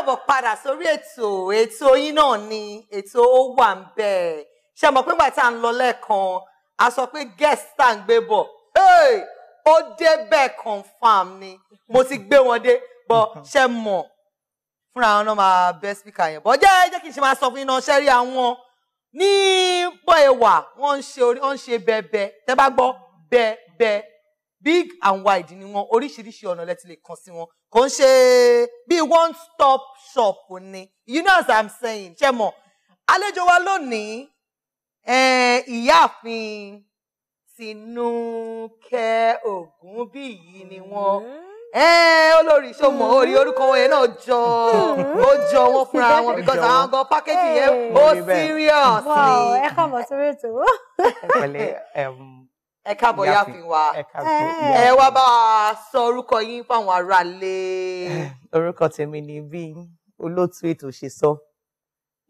káàbọ̀ padà sórí ètò ètò yín náà ni ètò ó wà ń bẹ̀ ṣe mọ̀ pé gbàtà ń lọ lẹ́ẹ̀kan a sọ pé guest tá à ń gbé bọ̀ ó dé bẹ́ẹ̀ confam ni mo ti gbé wọn dé bọ́ ṣe mọ̀ fúnra wọn náà máa bẹ́ spíkà yẹn bọ́ jẹ́ jẹ́ kí n ṣe máa sọ fún iná ṣẹ́rí àwọn ní bọ́ẹ̀wà wọ́n ń ṣe orí wọ́n ń ṣe bẹ́ẹ̀bẹ́ẹ́ tẹ́ bá gbọ́ bẹ́ẹ̀bẹ́ẹ́ big and wide ni wọn oríṣiríṣi ọ̀nà lẹ́tí lè kàn sí wọn kò ń ṣe bíi one stop shop ni you know as i'm saying ṣe mọ̀ àlejò wa lónìí ìyáàfin Tinúkẹ́ Ògúnbíyì ni wọ́n. Mm-hmm olórí sọmọ orí orúkọ wọn yẹn náà jọ ó jọ wọn fúnra wọn because àwọn ọgọ package yẹn ó serious Wow, ẹ káàbọ̀ sórí ètò. ẹ pẹ̀lẹ́ ẹ káàbọ̀ yáàfin wa ẹ wá bá a sọ orúkọ yín fáwọn aráalé. orúkọ tèmi ni bí olóòtú ètò ṣe sọ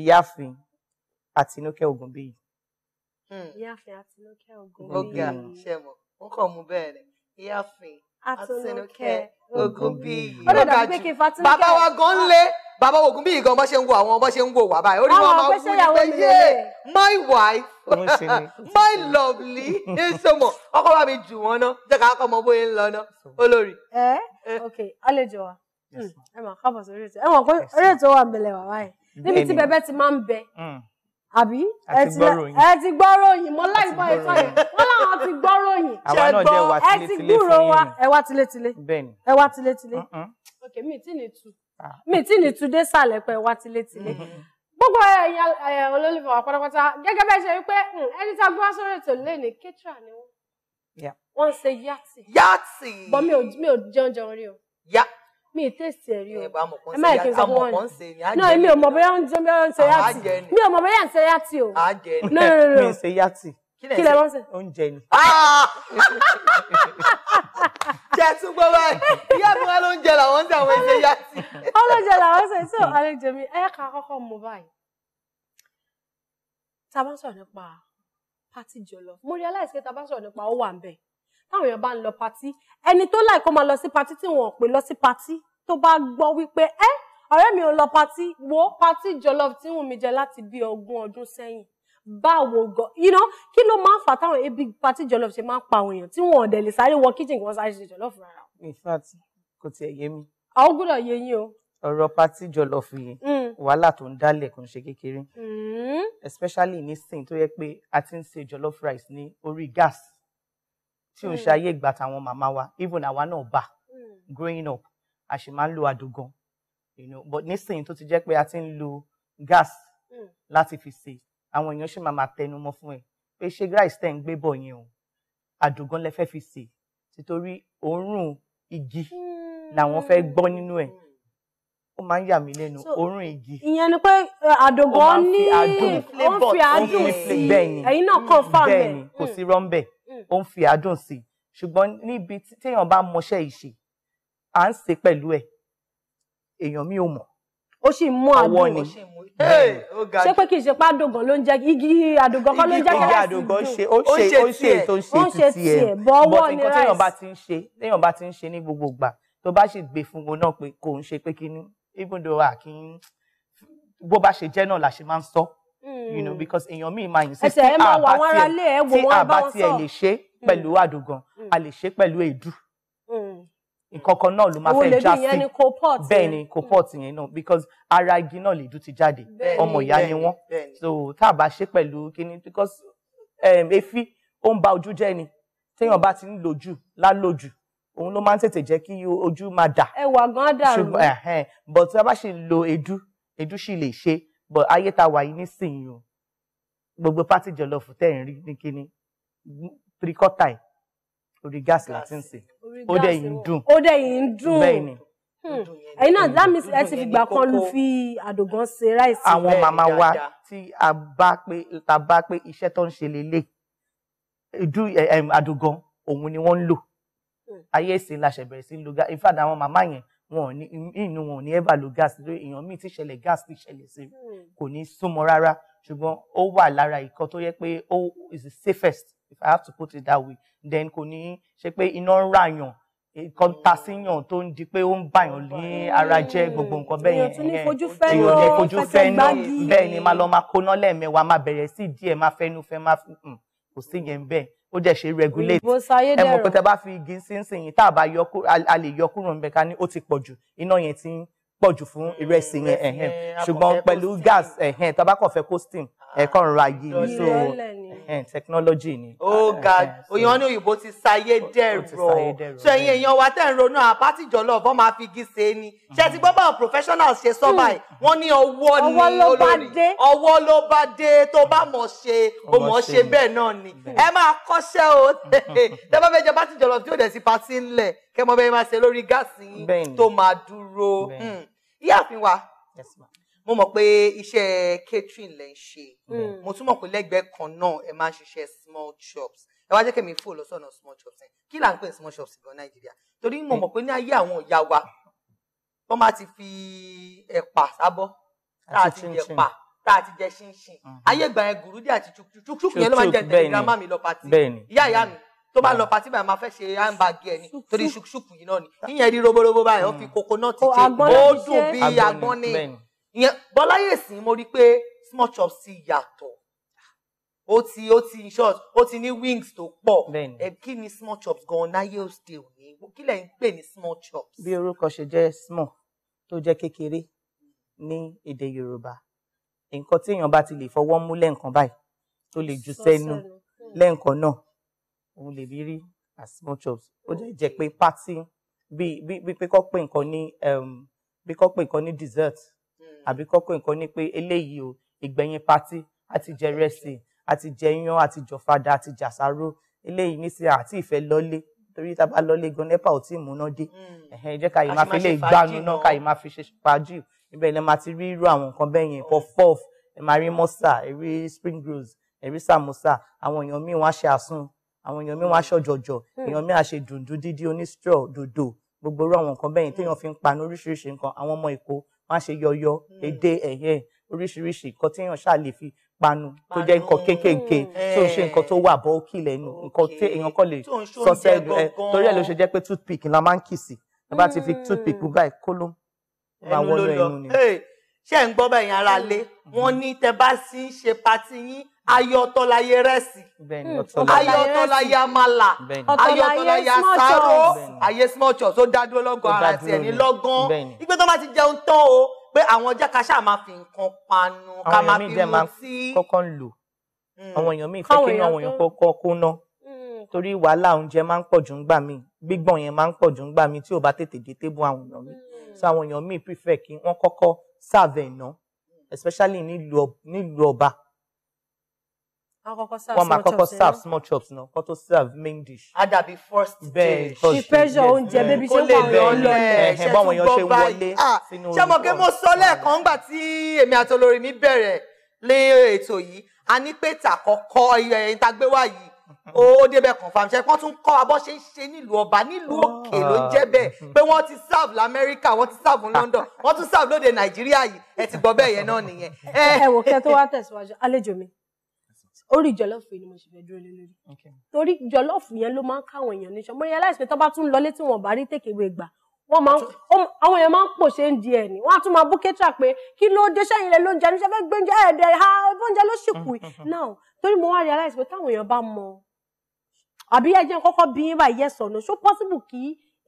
ìyáàfin àtinúkẹ́ ògúnbíyì. Hmm. ìyáàfin àtinúkẹ́ ògúnbíyì. ọgá ṣe mọ wọn kàn mú bẹ́ẹ̀ rẹ ìyáàfin àtinúkẹ́ ògúnbíyì. ó dàbí pé kí n fa tinúkẹ́. bàbá wa gan lé bàbá ogun bí ìgan bá ṣe ń wo àwọn bá ṣe ń wo wà báyìí orí wọn máa wú ní pé yé my wife my lovely ìsomọ ọkọ bá mi jù wọn ná jẹ ká kọ mọ bóyá ń lọ ná olórí. ẹ ok àlejò wa hmm, ẹ máa kábọ̀ sórí ètò ẹ mọ̀ pé orí ètò wà ń bẹ̀lẹ̀ wà báyìí níbi tí bẹbẹ ti máa ń bẹ hmm. àbí ẹ ti gbọ́rọ̀ yìí mọ́ láì bọ́ ẹ̀tọ́ yẹn wọ́n láwọn ti gbọ́rọ̀ yìí ṣẹ̀gbọ́n ẹ ti gbúrò wa ẹ wá tilétilé ẹ wá tilétilé ok mi ì tí ì ní tu mi tí ní túndé sàlẹ̀ pẹ̀ wá tilétilé mm-hmm. gbogbo eh, ẹ̀yin eh, olólùfẹ́ wa pátápátá gẹ́gẹ́ bẹ́ẹ̀ ṣe wípé hmm, ẹni tá a gbọ́ sórí ètò lè ní kétra ni wọ́n wọ́n ṣe yàtì yàtì bọ́ mi ò mi ò jẹun jẹun rí o mi ì tèsì ẹ̀ rí o ẹ má yẹ fún wọn náà mi ò mọ̀ bóyá ń jẹun bóyá ń ṣe yàtì mi ò mọ̀ bóyá ń ṣe yàtì o. mi ì ṣe yàtì kí lẹ ránṣẹ́ oúnjẹ ni. Ah! jẹ tún gbọ́ báyìí ìyá mi wá lóúnjẹ làwọn ń dàwọn ẹ̀jẹ̀ yá sí. ọlọ́jẹ làwọn ṣe tó àlejò mi ẹ ká kọ́kọ́ mú báyìí. tá a bá sọ̀rọ̀ nípa pátí jọlọ mo realize pé tá a bá sọ̀rọ̀ nípa ó wà ń bẹ̀ táwọn èèyàn bá ń lọ pátí ẹni tó láì kó máa lọ sí pátí tí wọn ò pè lọ sí pátí tó bá gbọ́ wípé ẹ ọ̀rẹ́ mi ò lọ pátí wo pátí jọlọ tí wùn mi jẹ láti bí ogún ọdún sẹ́yìn báwo gan you know kí ló máa ń fà táwọn ebi party jollof ṣe máa ń pa àwọn èèyàn tí wọn ò lè sáré wọ kitchen kí sáré ṣe jollof rárá. in fact kò tiẹ̀ yé mi. àwọn gbọ́dọ̀ yé yín o. ọ̀rọ̀ party jollof yìí mm. wàhálà tó ń dálẹ̀ kò ń ṣe kékeré mm. especially nísìn tó yẹ pé a ti ń ṣe jollof rice ní orí gas tí ò ń ṣe mm. ayé ìgbà táwọn màmá wa even àwa náà bá growing up a sì máa ń lo àdògan you know but nísìn tó ti jẹ́ pé a ti ń lo gas láti fi ṣe àwọn èèyàn ṣì máa máa tẹnumọ́ fún ẹ pé ṣé rice tẹ̀ gbé bọ̀ yẹn o àdùgán lẹ fẹ́ fi sè títorí òórùn igi làwọn fẹ́ gbọ́ nínú ẹ̀ ó máa ń yà mí lẹ́nu òórùn igi. ìyẹn ni pé àdùgán ní ó ń fi àádùn sí ẹ̀yin náà kàn fà bẹ́ẹ̀. bẹ́ẹ̀ni kò sí rọ́ńbẹ̀ ó ń fi àádùn sí hmm. hmm. ṣùgbọ́n níbi téèyàn bá mọṣẹ́ ìṣe à ń ṣe pẹ̀lú ẹ̀ èèyàn mi ò mọ̀ ó sì mú àdùn wọn ṣé pé kì í ṣe pé àdògán ló ń jẹ igi àdògán kọ́ ló ń jẹ kẹlẹsì dùn ó ṣe ó ṣe tó ń ṣe tiẹ̀ bọ́ ọwọ́ ni rice bọ́ téèyàn bá ti ń ṣe ní gbogbo ìgbà tó bá sì gbé fún un náà pé kò ń ṣe pé kíní even though a kì í bó bá ṣe jẹ́ náà la ṣe máa ń sọ you know hmm. because èèyàn míì máa yìn sí tí àbá tiẹ̀ tí àbá tiẹ̀ lè ṣe pẹ̀lú hmm. àdògán a lè hmm. ṣe pẹ̀lú èédú ìkọ̀kan náà ló máa fẹ́ já sí bẹ́ẹ̀ ni copot yẹn náà because ara igi náà lè dùn ti jáde ọmọ ìyá ni wọ́n so tá a bá ṣe pẹ̀lú kíní because um, efi ó ń ba ojú jẹ́ ni téèyàn bá ti ń lò jù lálòjù òun ló máa ń tètè jẹ́ kí ojú máa dà ẹwà gan dàrú but tá a bá ṣe lo edu edu sì lè ṣe but ayé tá wà yìí nísìnyí o gbogbo pátì jọlọfù tẹ̀ ń ní kíní three quarter orí gáàsì láti ń sè ó dẹ̀ yìí ń dùn. ó dẹ̀ yìí ń dùn bẹ́ẹ̀ ni. Hmm. ẹ̀yin náà láàmì ẹ ti fìgbà kan lu fi àdògán ṣe ráìsì. àwọn màmá wa tí a bá pé ta bá pé iṣẹ́ tó ń ṣe lélẹ̀ eh, àdògán òun ni wọ́n ń lò hmm. ayé ìsìn la ṣe bẹ̀rẹ̀ sí ń lo gáàsì in fact àwọn màmá yẹn wọn ò ní inú wọn ò ní ever lo gáàsì lórí èèyàn míì tí ìṣẹ̀lẹ̀ gáàsì ti ṣẹlẹ̀ sí hmm. kò ní súnmọ́ rárá ṣùgbọ́n ó wà lára ìkan tó yẹ pé ó is the safest if I have to put it that way then kò ní ṣe pé iná ń ràyàn nǹkan ta sí yàn tó ń di pé ó ń bàyàn ní ara jẹ́ gbogbo nǹkan bẹ́ẹ̀ yẹn èèyàn lè fojú fẹ́ ná bẹ́ẹ̀ ni máa lọ máa kóná lẹ́ẹ̀mẹ́wàá máa bẹ̀rẹ̀ sí díẹ̀ máa fẹ́nu fẹ́ máa hmm, kò sí yẹn bẹ́ẹ̀ ó dẹ̀ ṣe regulate ẹ mọ̀ pé tẹ bá fi igi sínsìnyí tá a bá yọ a lè yọ kúrò níbẹ̀ ká ní ó ti pọ̀ jù iná yẹn ti ń pọ̀ jù fún ìrẹsì yẹn ṣùgbọ́n pẹ̀lú gas tá a ẹ̀kọ́ ń ra yìí so Eh, technology ni. ó ga òyìnbó eh, ní òyìnbó ti sayé dẹ̀rọ̀ so ẹ̀yin èèyàn wa tẹ̀ ń ronú àpátìjọ́ lọ bọ́ máa fi igi se é ni ṣé ti gbọ́ báwọn professionals ṣe sọ hmm. báyìí wọ́n ní ọwọ́ ni olórí ọwọ́ ló bá dé tó bá mọ̀ ṣe ó mọ̀ ṣe bẹ́ẹ̀ náà ni ẹ máa kọ́ṣẹ́ o tẹ́ bá fẹ́ jẹ pátìjọ́ lọ tí ó dẹ̀ sí patí ńlẹ̀ kẹ́ bẹ́ẹ̀ máa ṣe lórí gáàsì yín tó máa dúró hmm. ìyáàfin wa mo mọ̀ pé iṣẹ́ catering lẹ ń ṣe hmm. mo tún mọ̀ pé lẹ́gbẹ̀ẹ́ kan náà ẹ máa ń ṣiṣẹ́ small shops ẹ wá jẹ́ kẹ́mi fò lọ sọ́nà small shops yẹn kí là ń pè small shops gan nàìjíríà torí mo mọ̀ pé ní ayé àwọn ìyá wa wọ́n máa ti fi ẹ̀pà sábọ́ tá a ti jẹ ẹ̀pà tá a ti jẹ ṣinṣin mhm. ayé ìgbà yẹn gùrúdì àti chukchuk yẹn ló máa ń jẹ tẹ̀lé grandma mi lọ pati ìyá ìyá mi tó bá lọ hmm. patí báyìí máa fẹ́ ṣe handbag ẹ̀ ni torí ṣùkṣùkù yìí náà ni ìyẹn rí roborobo báyìí hmm. ó fi coconut ṣe ó dùn bí agbọ́n ni ìyẹn bọ́láyè sí mo rí i pé small chops ti yàtọ̀ ó ti ó ti in short ó ti ní wings tó pọ̀ ẹ kí ni small chops gan-an náyé òsè òní kí lẹ̀ ń pè ní small chops. bí orúkọ ṣe jẹ́ small tó jẹ́ kékeré ní èdè Yorùbá nǹkan tí èèyàn bá ti lè fọwọ́ mú lẹ́ǹkan báyìí tó lè jù sẹ́nu lẹ́ǹkan náà òun lè rí as small chops ó jẹ́ jẹ́ pé party bí bí bí pé kọ́ pé nǹkan ní ehm, bí kọ́ pé nǹkan ní dessert àbí kọ́kọ́ nǹkan ní pé eléyìí o ìgbẹ̀yìn patí àti jẹ rẹ́sì àti jẹ iyán àti jọ̀fadà àti jàsáró eléyìí ní sí àti ìfẹ́ lọ́lé torí tá a bá lọ́lé gan nepa ò tí ì múná dé hmm. ẹ̀hẹ́n jẹ́ ká yìí máa fi lè gbánu náà ká yìí fi ṣe fàájì ibẹ̀ lẹ́ máa ti rí irú àwọn nǹkan bẹ́ẹ̀ yẹn puff puff ẹ máa rí mọ́sà ẹ rí spring rolls ẹ rí samosa àwọn èèyàn míì wọ́n á ṣe àsun àwọn èèyàn míì wọ́n á ṣọ̀jọ̀jọ̀ hmm. èèyàn míì á ṣe dùndú dídí oní straw dòdò gbogbo irú àwọn nǹkan bẹ́ẹ̀ yẹn téèyàn fi ń panu má ṣe yọyọ èdè hmm. ẹ̀yẹ oríṣiríṣi nǹkan tí èèyàn ṣáà lè fi panu tó jẹ́ nǹkan kéékèèké tó ń ṣe nǹkan tó wà bọ́ òkì lẹ́nu nǹkan tí èèyàn kò lè sọ sẹ́nu ẹ̀ torí ẹ̀ ló ṣe jẹ́ pé toothpick la máa ń kì sí nígbà tí fi hmm. toothpick bú báyìí kó ló máa wọ́n lọ ẹnu ni. ṣé ń gbọ́ bẹ́ẹ̀ yẹn ara hmm. lé wọ́n ní tẹ bá sí ṣe patí yín ayọ̀ ọ̀tọ̀ láyé rẹ́sì ayọ̀ ọ̀tọ̀ láyé amala ayọ̀ ọ̀tọ̀ láyé asáró ayé small chop tó dádúró lọ́gán ara tiẹ̀ ní lọ́gán ìgbé tó bá ti jẹun tán o pé àwọn jákàṣà máa fi nǹkan panu ká máa fi mutí. kọ́kọ́ ń lò hmm. àwọn èèyàn míì fẹ́ kí inú àwọn èèyàn kọ́kọ́ kó ná hmm. torí wàhálà oúnjẹ máa ń pọ̀ jù ń gbà gbígbọ̀n yẹn máa ń pọ̀ jù ń gbà tí ò bá tètè dé tébù àwọn èèyàn mi hmm. so àwọn èèyàn míì prefer kí wọ́n kọ́kọ́ serve ẹ̀ ná especially nílùú ọba wọ́n máa kọ́kọ́ serve small chops náà kó tó serve main dish. a dàbí first dish. bẹ́ẹ̀ first dish pressure oúnjẹ bébí ṣé wọ́n yàn lọ ẹ̀ ṣe tún gbọ́ báyìí ah, ṣé mo gé mo sọ lẹ́ẹ̀kan gbà tí èmi àti olórí mi bẹ̀rẹ̀ lé ètò yìí a ní pé tàkọ́kọ́ ẹ̀yìn tá a gbé wá yìí ó débẹ̀ confam ṣe wọ́n tún kọ́ abọ́ ṣe ń ṣe nílùú ọba nílùú òkè ló jẹ́ bẹ́ẹ̀ pé wọ́n ti serve lamẹ́ríkà wọ́n ti serve London wọ́n tún serve lóde Nàìjíríà yìí ẹ ti gbọ́ bẹ́ẹ̀ yẹn náà nìyẹn. ẹ wò kẹ́ tó wá tẹ̀síwájú àlejò mi orí jọlọ́ọ̀fù yìí ni mo ṣe fẹ́ dúró lé lórí torí jọlọ́ọ̀fù yẹn ló máa ń káwọn èèyàn níṣan mo rí aláìsí pé tó bá tún lọlé tí wọn bá rí tèkéwé gbà wọn máa àwọn èèyàn máa ń pò ṣe ń di ẹ̀ ní wọn á tún máa bú kétra pé kí ló dé sẹ́yìn lẹ lóúnjẹ níṣẹ́ fẹ́ gbé oúnjẹ ẹ̀ẹ́dẹ̀ ha oúnjẹ ló sì kù mm-hmm, mm-hmm. náà torí mo wá rí aláìsí pé táwọn èèyàn bá mọ àbí ẹ jẹ́ bí yín báyìí yẹ sọ̀nà ṣó possible kí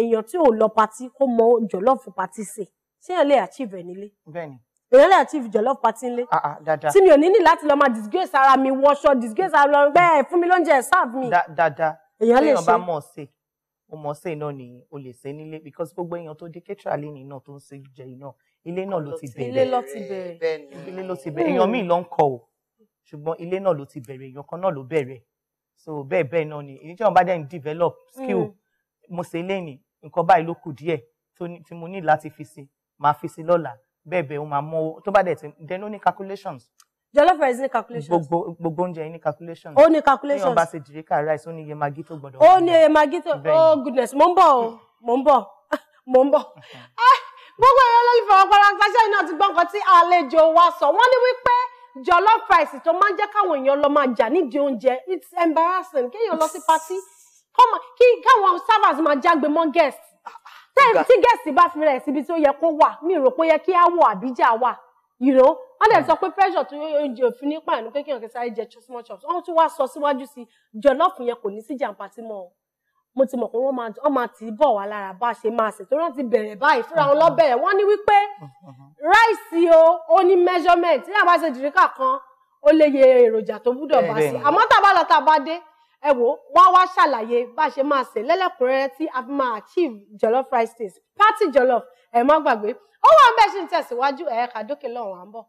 èèyàn tí ò lọ patí kó mọ jọlọ́ọ̀fù patí sè ṣéyàn lè achieve ẹ̀ nílé. bẹ́ẹ̀ni èèyàn lè achieve jollof party ńlé ah, ah, tí mi ò ní ní láti lọ máa disgrace ara mi wọṣọ disgrace ara lọ bẹ́ẹ̀ fún mi lóúnjẹ serve mi èèyàn lè ṣe. bá mọ̀ ṣe o mọ̀ ṣe náà ni o lè ṣe nílé because gbogbo èèyàn tó dé kẹ́tìrà lẹ́nu iná tó ń ṣe jẹ iná ilé náà ló ti bẹ̀rẹ̀ ilé ló ti bẹ̀rẹ̀ ilé ló ti bẹ̀rẹ̀ èèyàn míì ló ń kọ o ṣùgbọ́n ilé náà ló ti bẹ̀rẹ̀ èèyàn kan náà ló bẹ̀rẹ̀ so bẹ́ẹ̀ bẹ́ẹ̀ náà ni ìdíjọ́ bá dẹ́n develop skill hmm. mo ṣe lẹ́yìn nǹkan báyìí ló kù díẹ̀ tí mo ní láti fi sí máa fi sí lọ́la bẹ́ẹ̀ bẹ́ẹ̀ o máa mọ owó tó bá dẹ̀ ti then ní calculations. jollof rice ní calculations. gbogbo gbogbo oúnjẹ yìí ní calculations. ó ní calculations. ní ọba ṣe jìríkà rice ó ní iye magi tó gbọdọ̀. ó ní iye magi tó oh goodness mo ń bọ̀ o mo ń bọ̀ mo ń bọ̀. Ah, gbogbo ẹ̀rọ lólùfẹ́ wa paranta ṣẹ́yìn náà ti gbọ́ nǹkan tí àlejò wa sọ wọ́n ní wípé jollof rice tó máa ń jẹ́ káwọn èèyàn lọ máa jà nídìí oúnjẹ it's embarrassing kéèyàn lọ sí pati kí káwọn servers máa jágbe mọ́ guests tí gẹ̀ẹ́sì bá fi rẹ̀ síbi tí ó yẹ kó wà mi rò pé ó yẹ kí á wọ àbíjà wà ìró wọ́n dẹ̀ sọ pé pressure tó oúnjẹ òfin nípa ìlú kékeré kí sáré jẹ small chops wọ́n tún wá sọ síwájú sí jọlọ́ọ̀fù yẹn kò ní sí jàǹpá tí mọ́ mo ti mọ̀ pé wọ́n máa tì í bọ̀ wá lára bá a ṣe máa ṣe tó wọ́n ti bẹ̀rẹ̀ báyìí fúnra wọn lọ́bẹ̀rẹ̀ uh-huh. wọ́n ní wípé uh-huh. ráìsì o ó ní measurement tí àbá ṣe jìríkà kan ó lè yẹ èròjà tó gbúdọ̀ bá sí àmọ́ tá a bá lọ ẹ wò wá wá ṣàlàyé bá a ṣe máa sè lẹ́lẹ́kùnrẹ́rẹ́ tí a fi máa achieve jollof rice taste party jollof ẹ má gbàgbé ó wà ń bẹ́ẹ̀ ṣì ń tẹ̀síwájú ẹ̀ka dókè lọ́hùn à ń bọ̀.